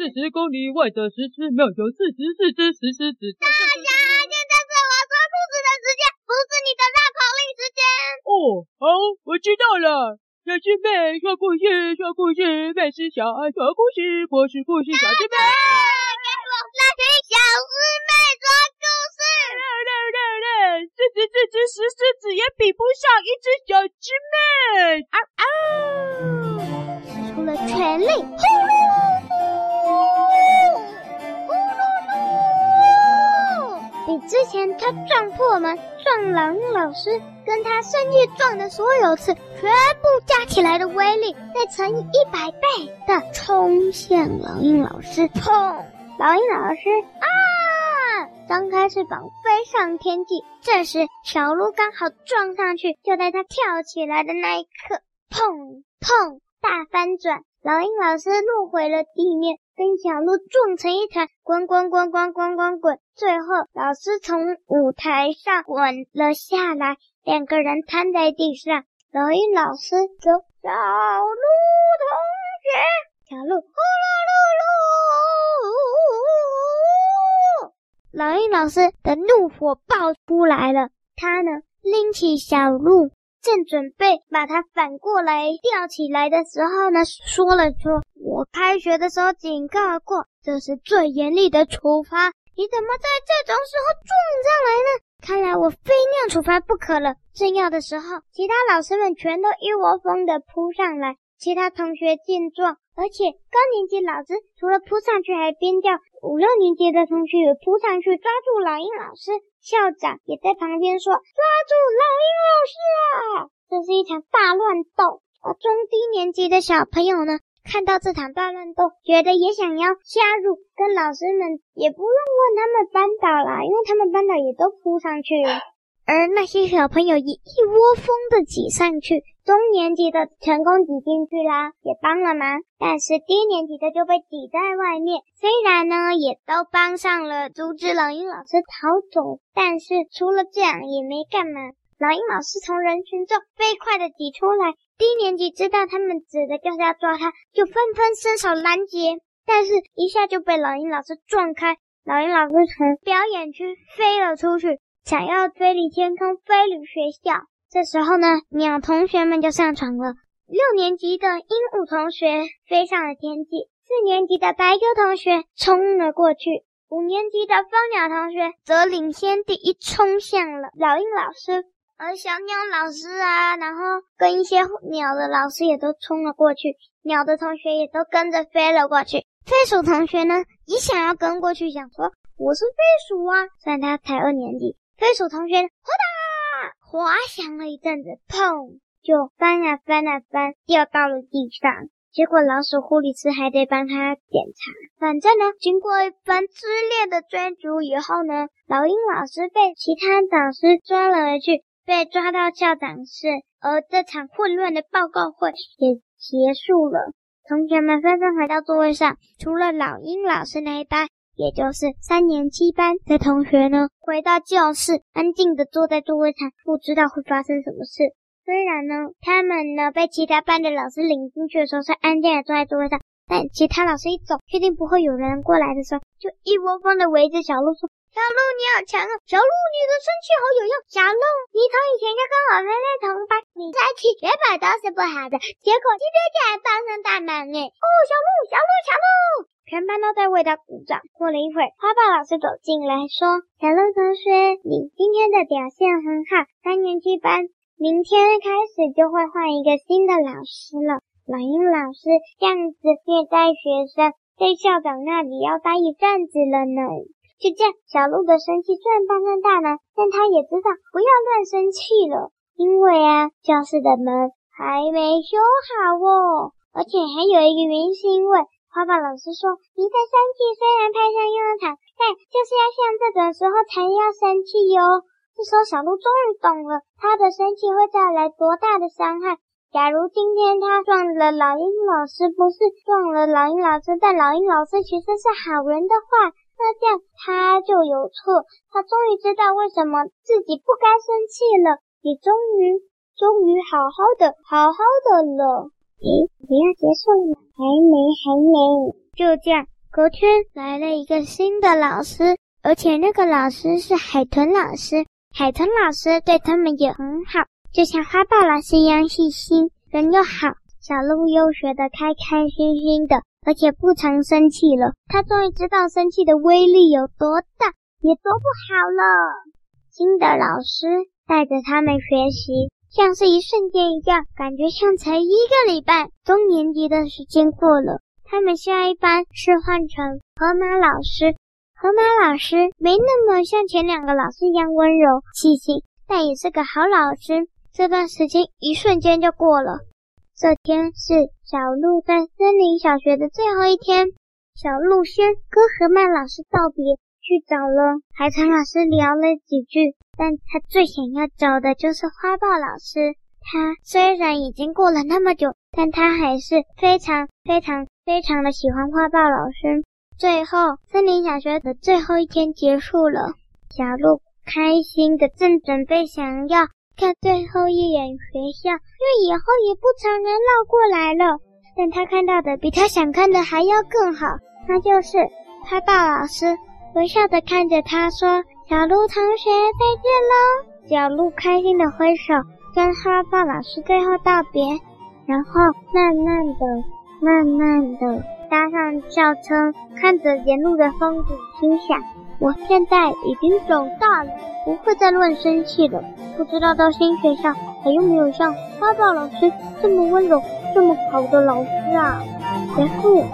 四十公里外的石獅廟有四十四,四隻石獅子。大家現在是我說兔子的時間，不是你的繞口令時間。哦，哦，好，我知道了。小獅妹說故事，說故事，大小俠說故事，博士故事。家小獅妹，給我那群小獅妹說故事。對對對對，四十四隻石獅子也比不上一隻小獅妹。啊啊！使出了全力。比之前他撞破門、撞老鷹老師跟他深夜撞的所有次，全部加起來的威力，再乘以一百倍的衝向老鷹老師，砰，老鷹老師啊，張開翅膀飛上天際。這時小鹿剛好撞上去，就在他跳起來的那一刻，砰砰，大翻轉，老鷹老師落回了地面。跟小鹿撞成一團，滾，滾滾滾滾滾滾滾，最後老師從舞台上滾了下來，兩個人癱在地上。老鷹老師走，小鹿同學，小鹿呼嚕嚕嚕。老鷹老師的怒火爆出來了，他呢拎起小鹿，正準備把它反過來吊起來的時候呢，說了說：“我開學的時候警告過，這是最嚴厲的處罰。你怎麼在這種時候撞上來呢？看來我非要處罰不可了。”正要的時候，其他老師們全都一窩蜂地撲上來，其他同學見狀。而且高年級老師除了撲上去，還邊叫；五六年級的同學也撲上去抓住老鷹老師。校長也在旁邊說：“抓住老鷹老師啦！”這是一場大亂鬥。而中低年級的小朋友呢，看到這場大亂鬥，覺得也想要加入，跟老師們也不用問他們班倒導了，因為他們班倒導也都撲上去，而那些小朋友也一窩蜂的擠上去。中年級的成功擠進去啦，也幫了忙，但是低年級的就被擠在外面。雖然呢，也都幫上了，阻止老鷹老師逃走，但是除了這樣也沒幹嘛。老鷹老師從人群中飛快的擠出來，低年級知道他們指的就是要抓他，就紛紛伸手攔截，但是一下就被老鷹老師撞開。老鷹老師從表演區飛了出去，想要飛離天空，飛離學校。這時候呢，鳥同學們就上場了。六年級的鸚鵡同學飛上了天際，四年級的白鴿同學衝了過去，五年級的蜂鳥同學則領先第一衝向了老鷹老師，而小鳥老師啊，然後跟一些鳥的老師也都衝了過去，鳥的同學也都跟着飛了過去。飛鼠同學呢也想要跟過去，想說我是飛鼠啊，雖然他才二年級。飛鼠同學，快打！滑翔了一陣子，砰！就翻呀、啊、翻呀、啊、翻，掉到了地上。結果老鼠護理師還得幫他檢查。反正呢，經過一番激烈的追逐以後呢，老鷹老師被其他導師抓了回去，被抓到校長室，而這場混亂的報告會也結束了。同學們紛紛回到座位上，除了老鷹老師那一班。也就是三年七班的同學呢，回到教室，安靜地坐在座位上，不知道會發生什麼事。雖然呢，他們呢被其他班的老師領進去的時候是安靜地坐在座位上，但其他老師一走，確定不會有人過來的時候，就一窩蜂地圍着小鹿說：“小鹿你好強哦、啊，小鹿你的生氣好有用，小鹿你從以前就跟我們在同班，你再起絕板倒是不好的，結果今天竟然幫上大忙了哦，小鹿小鹿小鹿。全班都在為他鼓掌。過了一會兒花豹老師走進來說：“小鹿同學，你今天的表現很好。三年級班明天開始就會換一個新的老師了。老鷹老師這樣子虐待學生，在校長那裡要待一陣子了呢。”就這樣，小鹿的生氣算不算大呢，但他也知道不要亂生氣了。因為啊，教室的門還沒修好哦，而且還有一個原因是因為。花豹老師說：“您在生氣，雖然派上用場，但就是要像這種時候才要生氣喲、哦。”這時候，小鹿終於懂了他的生氣會帶來多大的傷害。假如今天他撞了老鷹老師，不是撞了老鷹老師，但老鷹老師其實是好人的話，那這樣他就有錯。他終於知道為什麼自己不該生氣了。也終於，終於好好的，好好的了。誒，不要結束了，還沒，還沒。就這樣，隔天來了一個新的老師，而且那個老師是海豚老師。海豚老師對他們也很好，就像花豹老師一樣細心，人又好。小鹿又學得開開心心的，而且不常生氣了。他終於知道生氣的威力有多大，也多不好了。新的老師帶着他們學習。像是一瞬間一樣，感覺像才一個禮拜。中年級的時間過了，他們下一班是換成河馬老師。河馬老師沒那麼像前兩個老師一樣溫柔細心，但也是個好老師。這段時間一瞬間就過了。這天是小鹿在森林小學的最後一天，小鹿先跟河馬老師道別。去找了海豚老師聊了幾句，但他最想要找的就是花豹老師。他雖然已經過了那麼久，但他還是非常非常非常的喜歡花豹老師。最後，森林小學的最後一天結束了，小鹿開心的正準備想要看最後一眼學校，因為以後也不常能繞過來了。但他看到的比他想看的還要更好，那就是花豹老師。微笑的看着他說：“小鹿同學，再見嘍！”小鹿開心的揮手，跟花豹老師最後道別，然後慢慢的、慢慢的搭上校車，看着沿路的風景，心想：我現在已經長大了，不會再亂生氣了。不知道到新學校還有沒有像花豹老師這麼溫柔、這麼好的老師啊？結束。